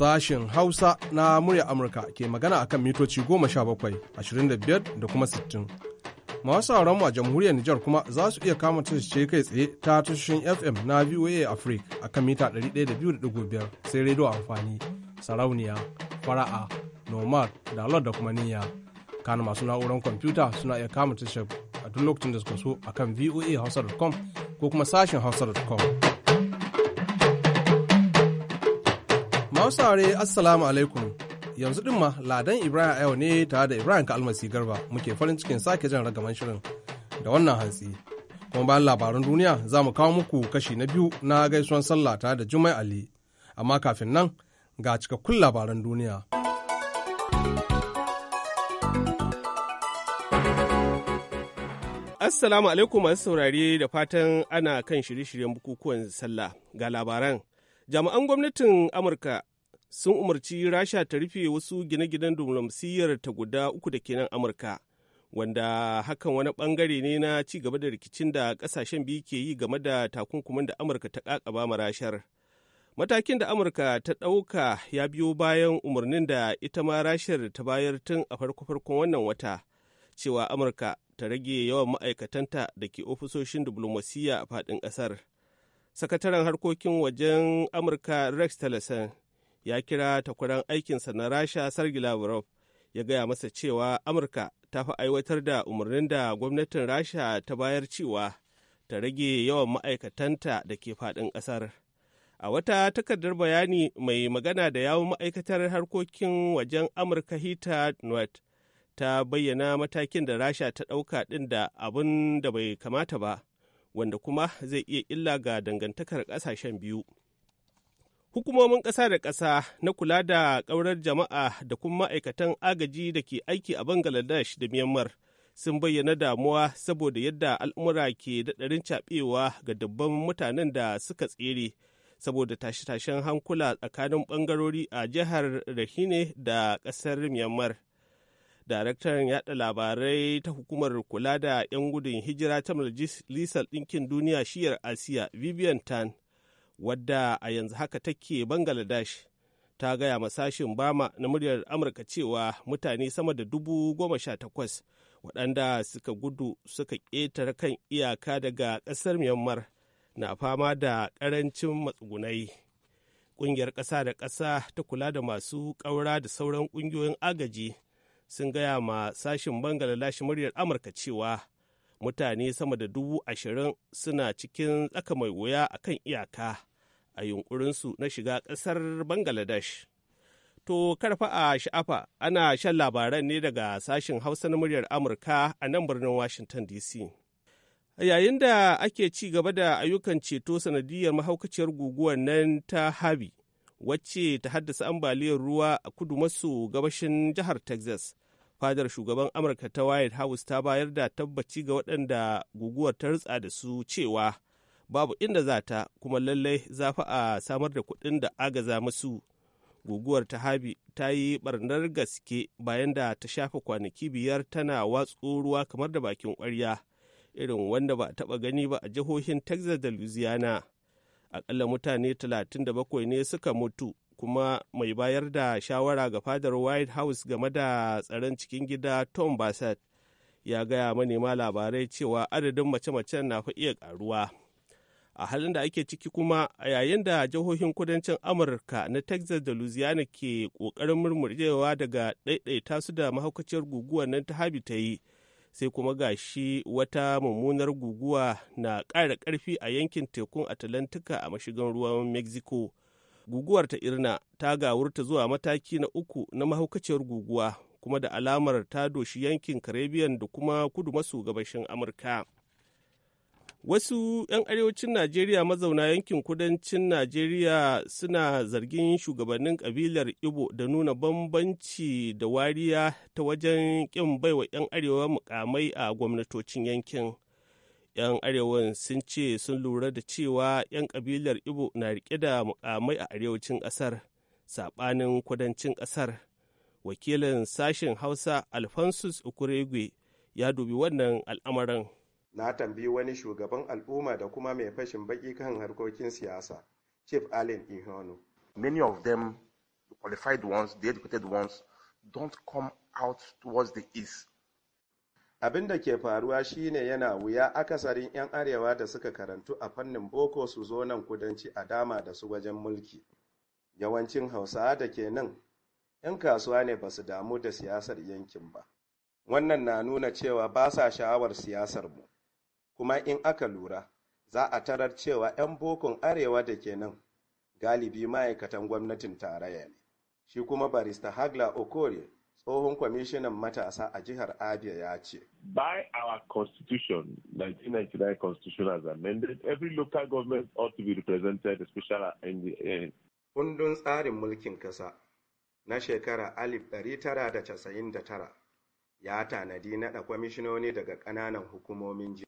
Sashen Hausa na murya Amurka ke magana a kan mitoci 17, ashirin da kuma sittin Masu mu a jamhuriyar Nijar kuma za su iya kama ce kai tsaye ta tashoshin FM na VOA Africa a kan mita 102.5 sai rediyo amfani, sarauniya, fara'a, nomad, dalar da kuma niyya. Kana masu na'urar kwamfuta suna iya kama tashar a duk lokacin da suka so a kan voahausa.com ko kuma sashen hausa.com. Hausare Assalamu alaikum. Yanzu ɗin ma Ladan Ibrahim Ayo ne tare da Ibrahim almasi Garba muke farin cikin sake jan ragaman shirin da wannan hantsi. Kuma bayan labaran duniya za mu kawo muku kashi na biyu na gaisuwan sallah tare da Jumai Ali. Amma kafin nan ga cikakkun labaran duniya. Assalamu alaikum masu saurare da fatan ana kan shirye-shiryen bukukuwan sallah ga labaran. Jami'an gwamnatin Amurka sun umarci rasha ta rufe wasu gine-ginen diflomasiyyar ta guda uku da kenan amurka wanda hakan wani bangare ne na ci gaba da rikicin da kasashen biyu ke yi game da takunkumin da amurka ta kakaba ma rashar matakin da amurka ta ɗauka ya biyo bayan umarnin da ita ma rashar ta bayar tun a farko-farkon wannan wata cewa amurka ta rage yawan ma'aikatanta da ke ofisoshin diflomasiyya a faɗin ƙasar sakataren harkokin wajen amurka rex tillerson ya kira takwaran aikinsa na rasha sergei lavrov ya gaya masa cewa amurka ta fi aiwatar da umarnin da gwamnatin rasha ta bayar cewa ta rage yawan ma'aikatanta da ke faɗin ƙasar a wata takardar bayani mai magana da yawun ma'aikatar harkokin wajen amurka hita nuwat ta bayyana matakin da rasha ta ɗauka ɗin da abin da bai kamata ba wanda kuma zai iya illa ga dangantakar ƙasashen biyu hukumomin ƙasa da ƙasa na kula da ƙaurar jama'a da kuma ma'aikatan agaji da ke aiki a bangladesh da myanmar sun bayyana damuwa saboda yadda al'umura ke daɗarin caɓewa ga dabban mutanen da suka tsere saboda tashe-tashen hankula tsakanin ɓangarori a jihar rahine da ƙasar myanmar daraktan yaɗa labarai ta hukumar kula da 'yan gudun hijira ta majalisar ɗinkin duniya shiyar asiya vivian tan wadda a yanzu haka take Bangladesh ta gaya ma sashin Bama na muryar Amurka cewa mutane sama da dubu goma sha takwas waɗanda suka gudu suka ƙetare kan iyaka daga ƙasar Myanmar na fama da ƙarancin matsugunai. Ƙungiyar ƙasa da ƙasa ta kula da masu ƙaura da sauran ƙungiyoyin agaji sun gaya ma sashin Bangaladesh muryar Amurka cewa mutane sama da dubu ashirin suna cikin tsaka mai wuya a kan iyaka a yunkurinsu na shiga ƙasar Bangladesh. To karfa a sha'afa ana shan labaran ne daga sashen Hausa na muryar Amurka a nan birnin Washington DC. Yayin da ake ci gaba da ayyukan ceto sanadiyar mahaukaciyar guguwar nan ta Harvey, wacce ta haddasa ambaliyar ruwa a kudu maso gabashin jihar Texas. Fadar shugaban Amurka ta White House ta bayar da tabbaci ga waɗanda guguwar ta rutsa da su cewa babu inda za ta kuma lallai za fa a samar da kuɗin da agaza musu guguwar ta habi ta yi barnar gaske bayan da ta shafe kwanaki biyar tana watsu ruwa kamar da bakin ƙwarya irin wanda ba a taɓa gani ba a jihohin texas da louisiana akalla mutane 37 ne suka mutu kuma mai bayar da shawara ga fadar white house game da tsaron cikin gida tom bassett ya gaya manema labarai cewa adadin mace-macen na fa iya karuwa a halin da ake ciki kuma a yayin da jihohin kudancin amurka na texas da louisiana ke ƙoƙarin murmurewa daga ɗaiɗaita su da mahaukaciyar guguwa nan ta habi ta yi sai kuma ga shi wata mummunar guguwa na ƙara ƙarfi a yankin tekun atlantika a mashigan ruwan mexico guguwar ta irna ta gawurta zuwa mataki na uku na mahaukaciyar guguwa kuma da alamar ta doshi yankin caribbean da kuma kudu maso gabashin amurka Wasu 'yan arewacin Najeriya mazauna yankin kudancin Najeriya suna zargin shugabannin kabilar ibo da nuna bambanci da wariya ta wajen ƙin baiwa 'yan arewa mukamai a gwamnatocin yankin. 'Yan arewan sun ce sun lura da cewa 'yan kabilar ibo na riƙe da mukamai a arewacin ƙasar, saɓanin kudancin ƙasar. Wakilin sashen Hausa Alphonsus Ukuregwe ya dubi wannan al'amarin. Na tambayi wani shugaban al'umma da kuma mai fashin baki kan harkokin siyasa, Chief Allen ihonu Many of them, the qualified ones, the educated ones, don't come out towards the east. Abin da ke faruwa shine yana wuya akasarin 'yan arewa da suka karantu a fannin boko su zo nan kudanci a dama da su wajen mulki. Yawancin hausa da ke nan, 'yan kasuwa ne ba su damu da siyasar yankin ba. Wannan na nuna cewa ba sa sha'awar siyasar mu. kuma in aka lura za a tarar cewa 'yan bokon arewa da ke nan galibi ma'aikatan gwamnatin tarayya ne shi kuma barista hagla okore tsohon kwamishinan matasa a jihar abia ya ce by our constitution 1999 constitution as amended every local government ought to be represented especially in the kundin tsarin mulkin kasa na shekara 1999 ya tanadi naɗa kwamishinoni daga ƙananan hukumomin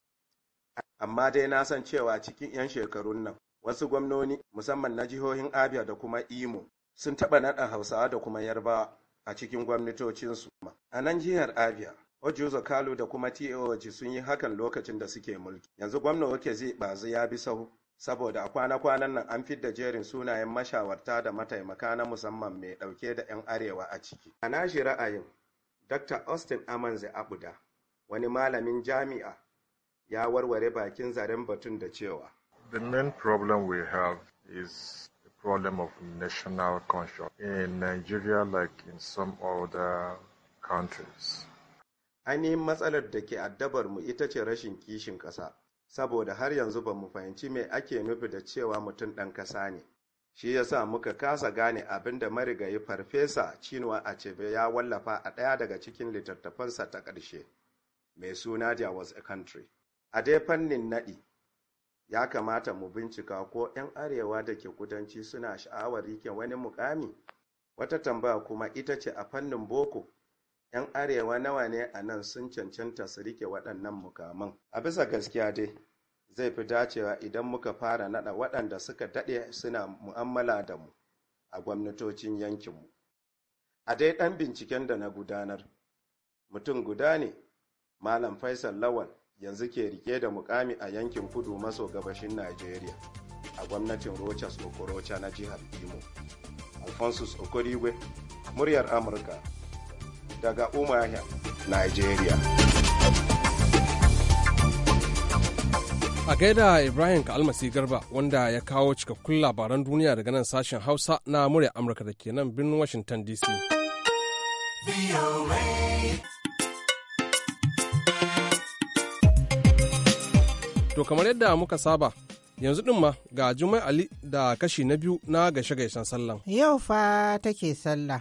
amma dai na san cewa cikin 'yan shekarun nan wasu gwamnoni musamman na jihohin abia da kuma imo sun taɓa naɗa hausawa da kuma yarbawa a cikin gwamnatocinsu a nan jihar abia ojuzo kalu da kuma toj sun yi hakan lokacin da suke mulki yanzu gwamna wake zai bazu ya bi sahu saboda a kwana-kwanan nan an fidda jerin sunayen mashawarta da mataimaka na musamman mai ɗauke da 'yan arewa a ciki a nashi ra'ayin dr austin amanze abuda wani malamin jami'a ya warware bakin zaren batun da cewa. The main problem we have is the problem of national conscience in Nigeria like in some other countries. Ainihin matsalar da ke addabar mu ita ce rashin kishin ƙasa, saboda har yanzu ba mu fahimci me ake nufi da cewa mutum ɗan ƙasa ne. Shi ya sa muka kasa gane abin da marigayi Farfesa Chinua Achebe ya wallafa a ɗaya daga cikin littattafansa ta ƙarshe, mai suna There was a country. A dai fannin naɗi, ya kamata mu bincika ko ‘yan arewa da ke kudanci suna sha'awar rike wani mukami? Wata tambaya kuma ita ce a fannin boko, ‘yan arewa nawa ne a nan sun cancanta su rike waɗannan mukaman? A bisa gaskiya dai, zai fi dacewa idan muka fara naɗa waɗanda suka daɗe suna mu'amala da mu a gwamnatocin yankinmu. A dai ɗan binciken da na gudanar, mutum guda ne, Malam Faisal Lawal, yanzu ke rike da mukami a yankin kudu maso gabashin Najeriya a gwamnatin Rochas Okorocha na jihar Imo. Alphonsus Okorigwe, muryar Amurka, daga Umahia, Najeriya. A gaida Ibrahim Kalmasi Garba wanda ya kawo cikakkun labaran duniya daga nan sashen Hausa na muryar Amurka da ke nan birnin Washington DC. To kamar yadda muka saba yanzu ɗin ma ga Jumai Ali da kashi na biyu na gaishe gaishen sallah. Yau fa take sallah.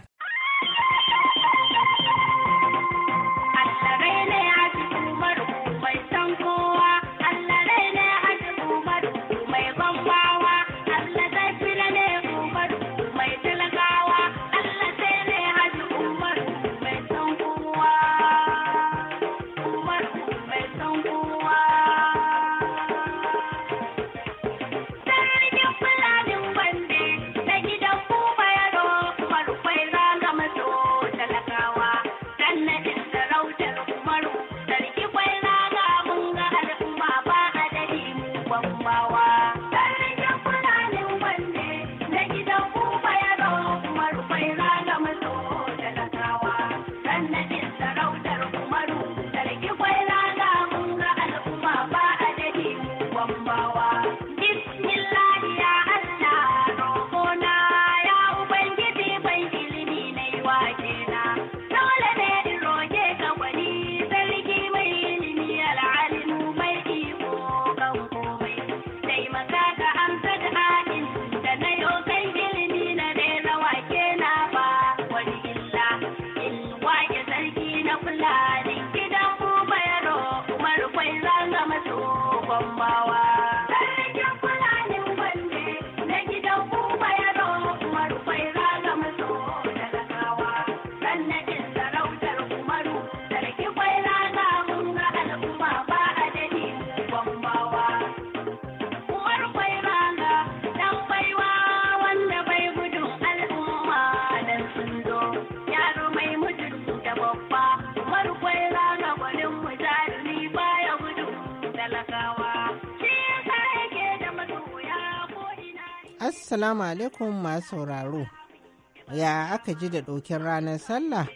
Assalamu alaikum masu sauraro. Ya aka ji da ɗokin ranar sallah?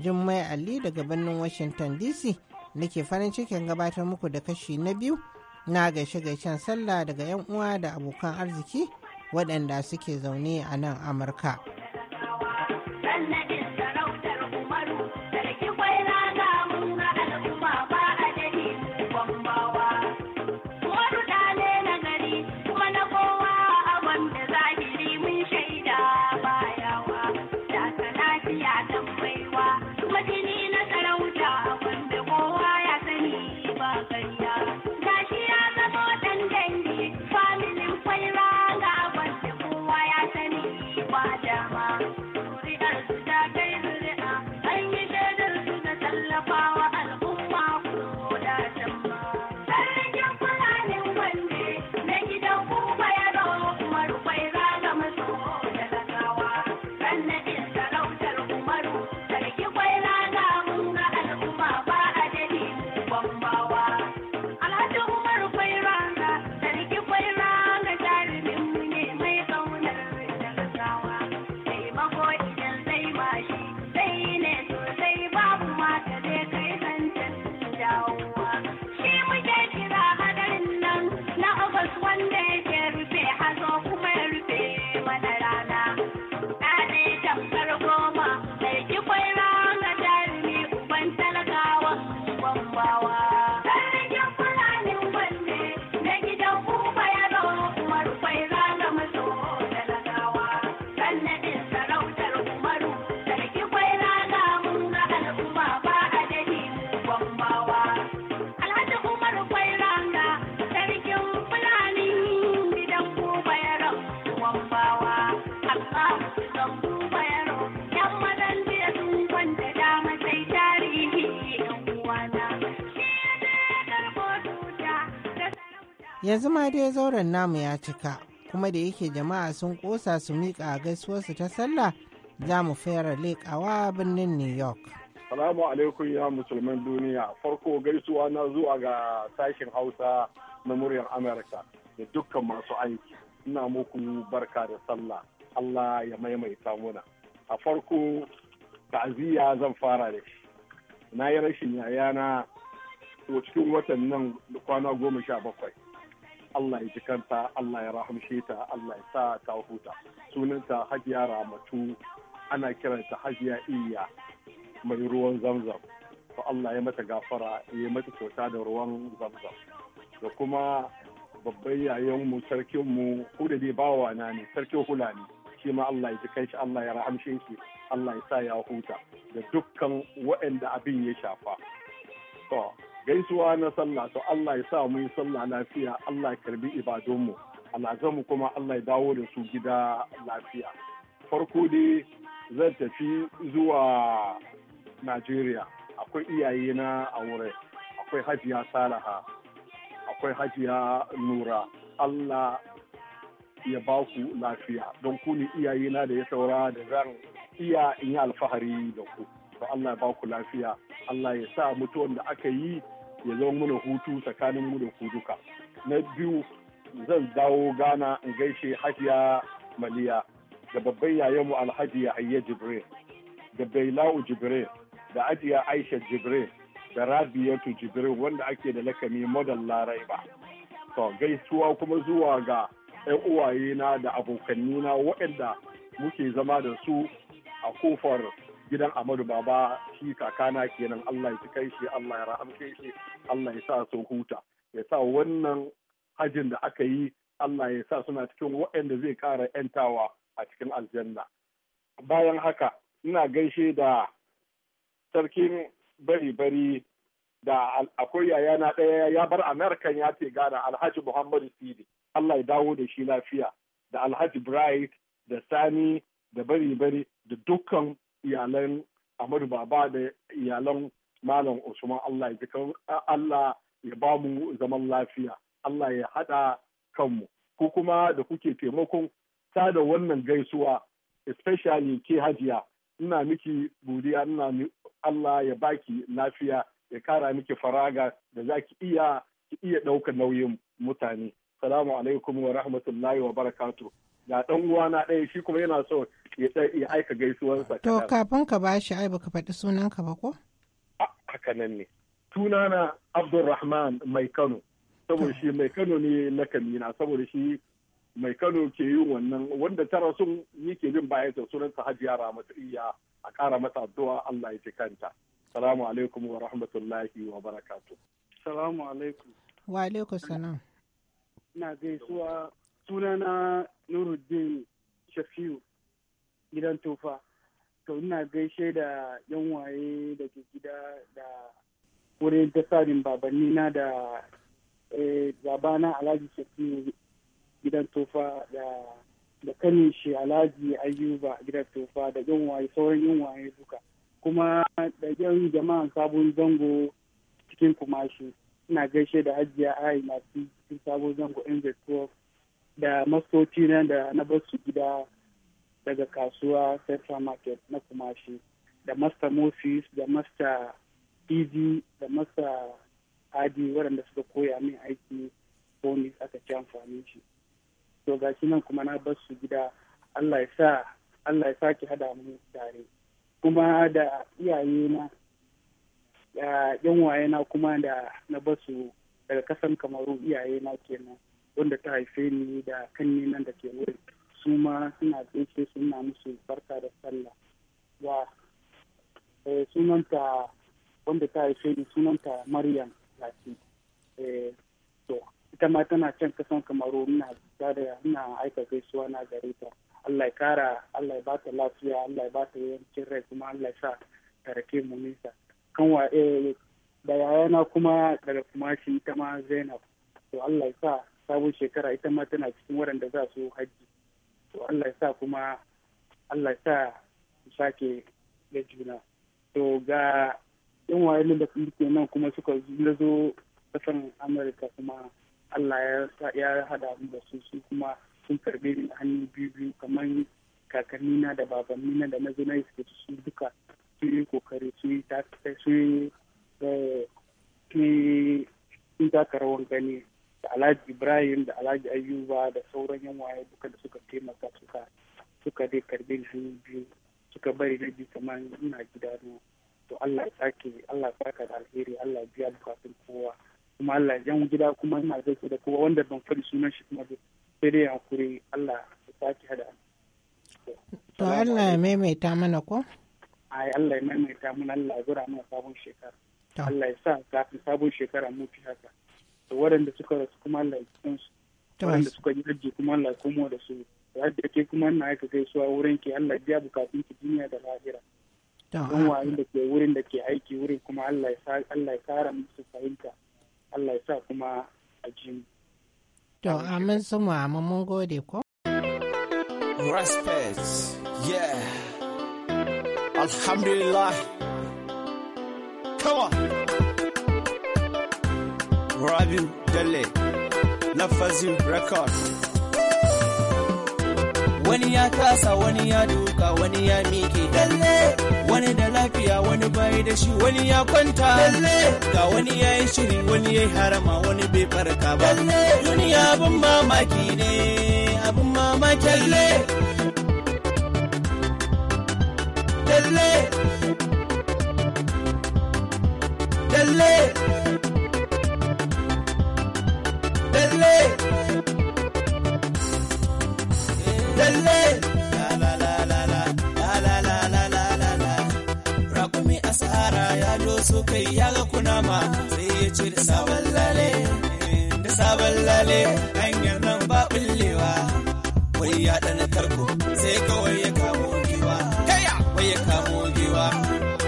Jummai Ali daga birnin Washington DC nake farin cikin gabatar muku da kashi na biyu na gaishe-gaishen sallah daga 'yan uwa da abokan arziki waɗanda suke zaune a nan Amurka. yanzu ma dai zauren namu ya cika kuma da yake jama'a sun kosa su miƙa gaisuwarsu ta sallah za mu fara leƙawa birnin new york salamu alaikum ya musulman duniya farko gaisuwa na zuwa ga sashen hausa na muryar amurka da dukkan masu aiki ina muku barka da sallah allah ya maimaita muna a farko ta'aziyya zan fara da shi na yi rashin yayana cikin watan nan kwana goma sha bakwai Allah ya ji kanta Allah ya rahamshe ta Allah ya sa ta huta sunanta Hajiya Ramatu ana kiranta Hajiya Iya mai ruwan zamzam to Allah ya mata gafara ya mata kyauta da ruwan zamzam da kuma babban yayan mu sarkin mu ko da dai bawa na ne sarkin hula ne shi ma Allah ya ji kanshi shi Allah ya rahamshe shi Allah ya sa ya huta da dukkan waɗanda abin ya shafa to gaisuwa na sallah to Allah ya sa mu yi sallah lafiya Allah ya karbi ibadunmu a mu kuma Allah ya dawo da su gida lafiya farko dai zan tafi zuwa Najeriya akwai iyaye na aure akwai hajiya salaha akwai hajiya nura Allah ya ba ku lafiya don ku ne iyaye na da ya saura da zan iya in yi alfahari da ku to Allah ya ba ku lafiya Allah ya sa mutuwan da aka yi ya zama mana hutu tsakanin mu da ku duka na biyu zan dawo gana in gaishe Hajiya Maliya da babban yayanmu Alhaji ya Yahaya Jibril da Bailawu Jibril da ajiya Aisha Jibril da Rabiatu Jibril wanda ake da lakami model Larai ba. To gaisuwa kuma zuwa ga 'yan uwayena da abokannina waɗanda muke zama da su a kofar gidan Amadu Baba shi kakana kenan Allah ya kai shi Allah ya rahamce shi Allah ya sa sun huta ya sa wannan hajin da aka yi Allah ya sa suna cikin waɗanda zai kara. ‘yantawa a cikin aljanna. Bayan haka, ina gaishe da sarkin bari-bari da akwai yayana ɗaya ya bar Amerikan ya ce gana Alhaji Muhammadu Sidi. Allah ya dawo da shi lafiya da Alhaji Bright da Sani da bari-bari da dukkan iyalan Amadu Baba da iyalan Malam Usman Allah ya Allah ya ba mu zaman lafiya Allah ya haɗa kanmu ku kuma da kuke taimakon ta da wannan gaisuwa especially ke hajiya ina miki godiya ina Allah ya baki lafiya ya kara miki faraga da zaki iya ki iya ɗaukar nauyin mutane salamu alaikum wa rahmatullahi wa barakatu ga dan na ɗaya shi kuma yana so ya aika gaisuwansa. to kafin ka ba shi ai baka faɗi sunan ka ba ko haka nan ne sunana abdulrahman mai kano saboda shi mai kano ne na kamina saboda shi mai kano ke yi wannan wanda tara sun ke bin bayan sa sunan sa hajiya iya a ƙara masa addu'a Allah ya kanta salamu alaikum wa rahmatullahi wa barakatu. salamu alaikum wa alaikum salam na gaisuwa sunana Nuruddin Shafiu gidan tufa. To ina gaishe da yan waye da ke gida da wurin tasarin babanni na da eh, babana Alhaji Shafiu gidan tufa da da kanin shi Alhaji Ayuba gidan tufa da yan waye sauran yan waye duka. Kuma da yan jama'an sabon zango cikin kumashi ina gaishe da hajiya masu cikin sabon zango NZ12 da masoci na da na basu gida daga kasuwa Central Market na Kumashi da Master Moses da Master Easy da Master adi waɗanda suka koya min aiki bonus aka ci amfani shi. To ga nan kuma na basu gida Allah ya sa Allah ya sake hada mu tare. Kuma da iyaye na yan waye na kuma da na basu daga kasan kamaru iyaye na kenan wanda ta haife ni da kan nan da ke wurin su ma suna gaishe suna musu barka da sallah wa eh, sunanta wanda ta haife ni sunanta maryam lati eh, to ita ma tana can kasan kamaru na da ina aika gaisuwa na gare ta Allah ya kara Allah ya ba ta lafiya Allah ya ba ta yancin rai kuma Allah ya sa ta rake mu nisa kan wa eh, da yayana kuma daga shi ita ma zainab to allah sa sabon shekara ita ma tana cikin waɗanda za su hajji to allah ya sa kuma allah sa su sake da juna to ga yan wayan da suke nan kuma suka zo kasan amurka kuma allah ya haɗa mu da su su kuma sun karbe ni hannu biyu biyu kamar kakannina da babannina da na zo na su duka sun yi kokari sun yi ke sun taka rawan gani da alhaji ibrahim da alhaji ayuba da sauran yan waye duka da suka taimaka suka suka dai karbe ni biyu suka bari na biyu kamar ina gida to allah ya sake allah ya saka da alheri allah ya biya bukatun kowa kuma allah ya gida kuma ina gaske da kowa wanda ban faɗi sunan shi kuma sai dai hankuri allah ya sake hada to allah ya maimaita mana ko ai allah ya maimaita mana allah ya zura mana sabon shekara Allah ya sa kafin sabon shekara mu fi haka da waɗanda suka rasu kuma Allah ya san su waɗanda suka yi ajiye kuma Allah ya komo da su da ke kuma na aika suwa wurin ke Allah ya bukatun ki duniya da lahira don wayin da ke wurin da ke aiki wurin kuma Allah ya sa Allah ya kara musu fahimta Allah ya sa kuma a jini. to amin sumu amin mun gode ko respect yeah alhamdulillah Come on. Rabiu Dele, na Record. Wani ya kasa wani ya duka wani ya miƙe. dalle wani da lafiya wani bai da shi wani ya kwanta dalle ga wani ya yi shiri wani ya yi harama wani bai farka ba duniya abin mamaki ne abin mamaki dalle dalle lalle lalle lalle rakumi asara ya doso kai ya ga kuna ma. sai ya ce da sabon lale da sabon lale hanyar nan ba bullewa wai ya dana tarko sai kawai ya kamo giwa wai ya kamo giwa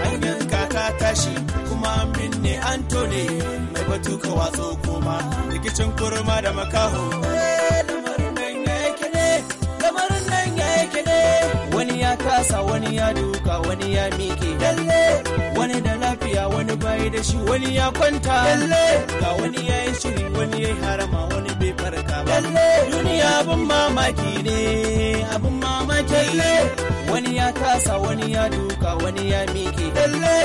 hanyar ka ta tashi kuma minne antoni mai batu ka watso kuma rikicin kurma da makaho eh, wani ya kasa wani ya duka wani ya miƙe lalle wani da lafiya wani bayi da shi wani ya kwanta lalle ga wani ya yi shiri wani ya yi harama wani bai farka ba lalle duniya abin mamaki ne abin kyalle wani ya tasa wani ya duka wani ya miƙe kyalle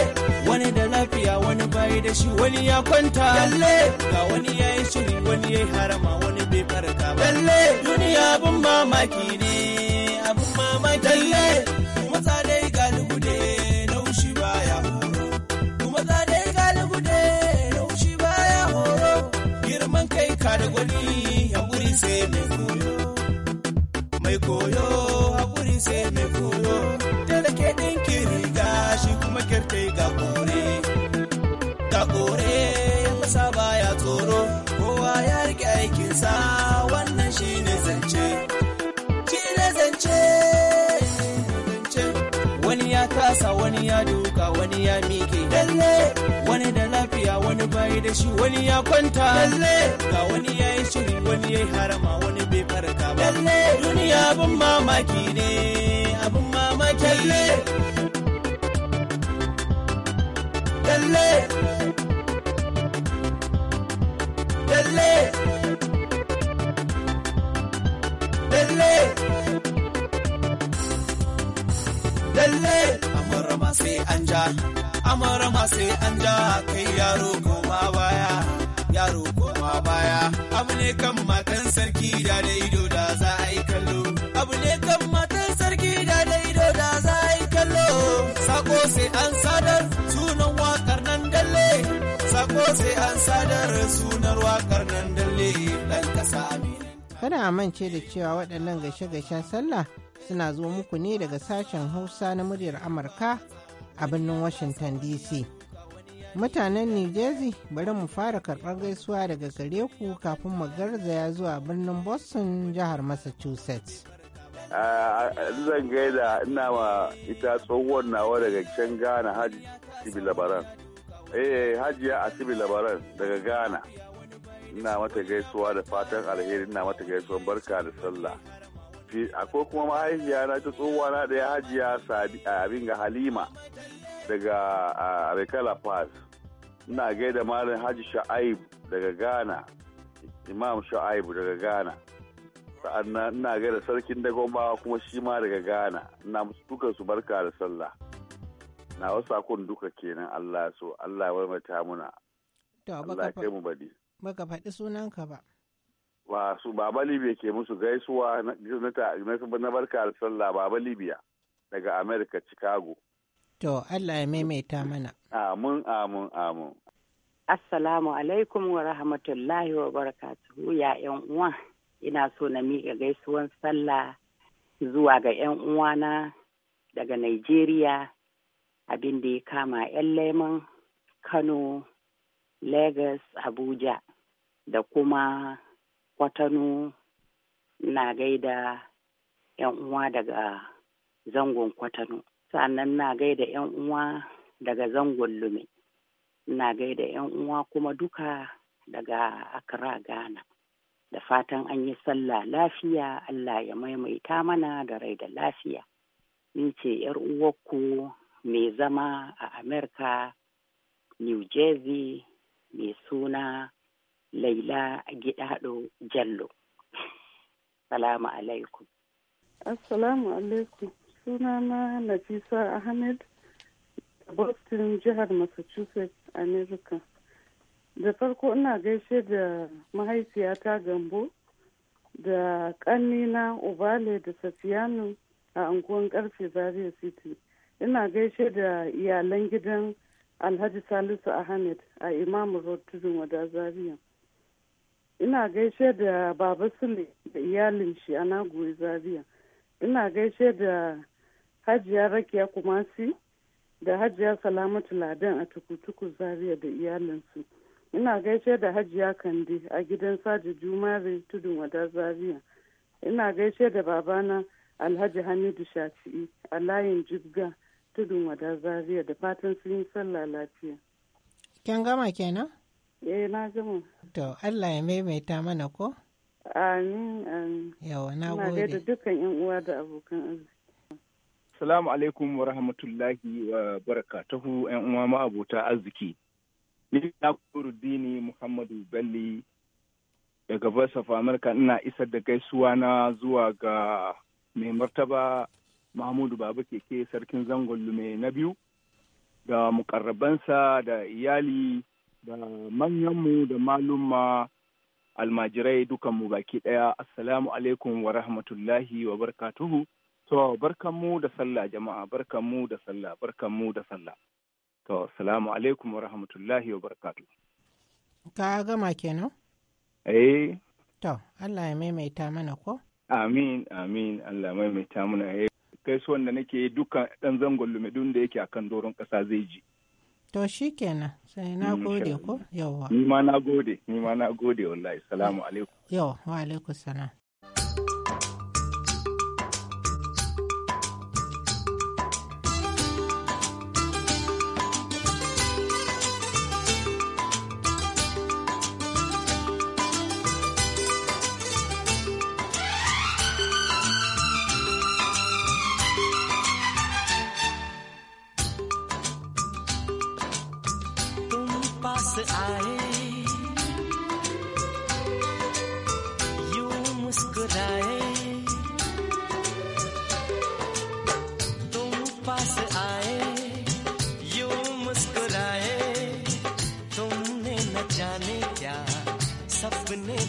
wani da lafiya wani bayi da shi wani ya kwanta kyalle ga wani ya yi shiri wani ya yi harama wani bai farka ba kyalle duniya abin mamaki ne abin mamaki kyalle kuma dai galibu da naushi baya horo kuma dai galibu da naushi baya horo girman kai ka da gwani ya guri sai mai koyo mai koyo kasa wani ya duka wani ya mike lalle wani da lafiya wani bai da shi wani ya kwanta lalle ga wani ya yi shiri wani ya yi harama wani bai farka ba lalle duniya abin mamaki ne abin mamaki lalle lalle lalle lalle lalle amara ma sai an ja amara ma sai an ja kai yaro koma baya yaro koma baya abu ne kan matan sarki da da ido da za a yi kallo abu ne kan matan sarki da da ido da za a yi kallo sako sai an sadar sunan wakar nan dalle sako sai an sadar sunar wakar nan dalle dan kasa amin kada a mance da cewa waɗannan gashe-gashen sallah suna zuwa muku ne daga sashen Hausa na muryar Amurka a birnin Washington DC. Mutanen jersey bari mu fara karɓar gaisuwa daga gare ku kafin mu garzaya zuwa birnin Boston jihar Massachusetts. zan gaida ina ma ita tsohuwar nawa daga can Ghana Eh Hajiya Asibi Labaran daga Ghana. Ina mata gaisuwa da fatan alheri ina mata gaisuwan barka da sallah. tafi akwai kuma mahaifiya na ta tsohuwa na da ya hajiya abin ga halima daga rekala pass ina gaida malam haji sha'aib daga ghana imam sha'aib daga ghana sa'annan ina gaida sarkin dagon bawa kuma shi ma daga ghana ina musu dukan su barka da sallah na wasa kun duka kenan allah so allah ya mata muna allah ya kai mu badi baka faɗi sunanka ba su baba libya ke musu gaisuwa na barka sallah baba libya daga america chicago to allah ya maimaita mana amin amin amin assalamu alaikum wa rahmatullahi wa barakatuhu ya yan uwa ina so na miƙa gaisuwan sallah zuwa ga yan uwana daga nigeria abin da ya kama yan leman kano lagos abuja da kuma kwatano na gaida 'yan uwa daga zangon kwatano sannan na gaida 'yan uwa daga zangon lume na gaida 'yan uwa kuma duka daga accra ghana da fatan an yi sallah lafiya allah ya maimaita mana da rai da lafiya ni ce 'yar uwarku mai zama a america new jersey mai suna laila do jallo salamu alaikum assalamu alaikum sunana nafisa ahmed boston jihar massachusetts america da farko ina gaishe da mahaifiyata gambo da kanina ubale da safiyanu a unguwan karfe zaria city ina gaishe da iyalan gidan alhaji salisu ahmed a imam road tudun wada zaria ina gaishe da baba sule da iyalin shi a nagoya zaria ina gaishe da hajiya rakiya kumasi da hajiya salamatu ladan a tukutuku zaria da iyalinsu ina gaishe da hajiya kande a gidan saji jumare tudun wada zaria ina gaishe da babana alhaji hamidu shafi'i a layin jibga tudun wada zaria da fatan sun yi sallah lafiya kin gama kenan Eh na gama. To Allah ya maimaita mana ko? Amin amin. Yawa na gode. Na da dukkan yan uwa da abokan arziki. Salamu alaikum wa rahmatullahi wa barakatuhu yan uwa ma abota arziki. Ni na Dini Muhammadu Bello daga Bursa of ina isar da gaisuwa na zuwa ga mai martaba Mahmudu Baba keke sarkin zangon lume na biyu da mukarrabansa da iyali da manyanmu da malumma almajirai dukanmu baki ɗaya assalamu alaikum wa rahmatullahi wa barkatuhu to barkanmu da sallah jama'a barkanmu da sallah barkanmu da sallah to assalamu alaikum wa rahmatullahi wa barkatuhu ka gama kenan eh to Allah ya maimaita mana ko amin amin Allah ya maimaita mana eh kai so wanda nake dukan dan zangon lumedun da yake akan doron kasa zai ji To shi kenan sai na mm, gode ko yawwa. Ni ma na gode, ni ma na gode wallahi. Salamu alaikum. Yau, wa alaikum salam.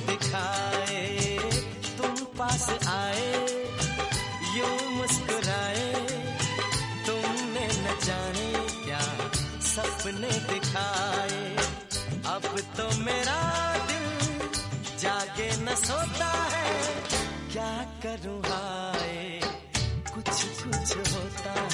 दिखाए तुम पास आए यू मुस्कुराए तुमने न जाने क्या सपने दिखाए अब तो मेरा दिल जागे न सोता है क्या करूँ हाय कुछ कुछ होता है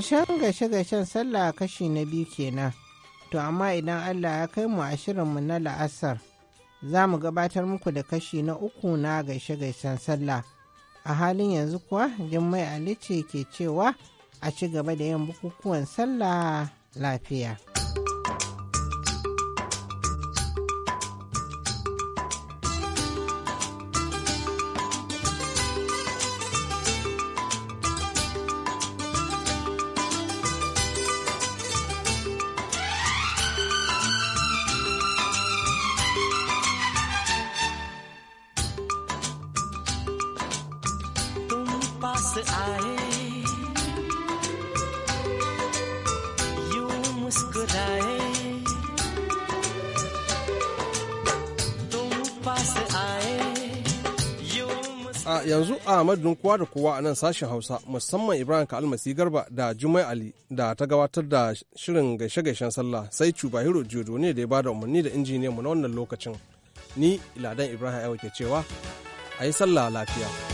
ƙarshen gashe-gashen sallah kashi na biyu kenan to amma idan allah ya kai mu a mu na la'asar za mu gabatar muku da kashi na uku na gaishe-gaishen sallah a halin yanzu kuwa jimmai ali ce ke cewa a ci gaba da yin bukukuwan sallah lafiya. से आए यू मुस्कुराए A yanzu a madadin kowa da kowa a nan sashen Hausa musamman Ibrahim Kalmasi Garba da Jumai Ali da ta gabatar da shirin gaishe-gaishen sallah sai Cubahiro Jodo ne da ya bada umarni da injiniyanmu na wannan lokacin. Ni Iladan Ibrahim Aiwa ke cewa a yi sallah lafiya.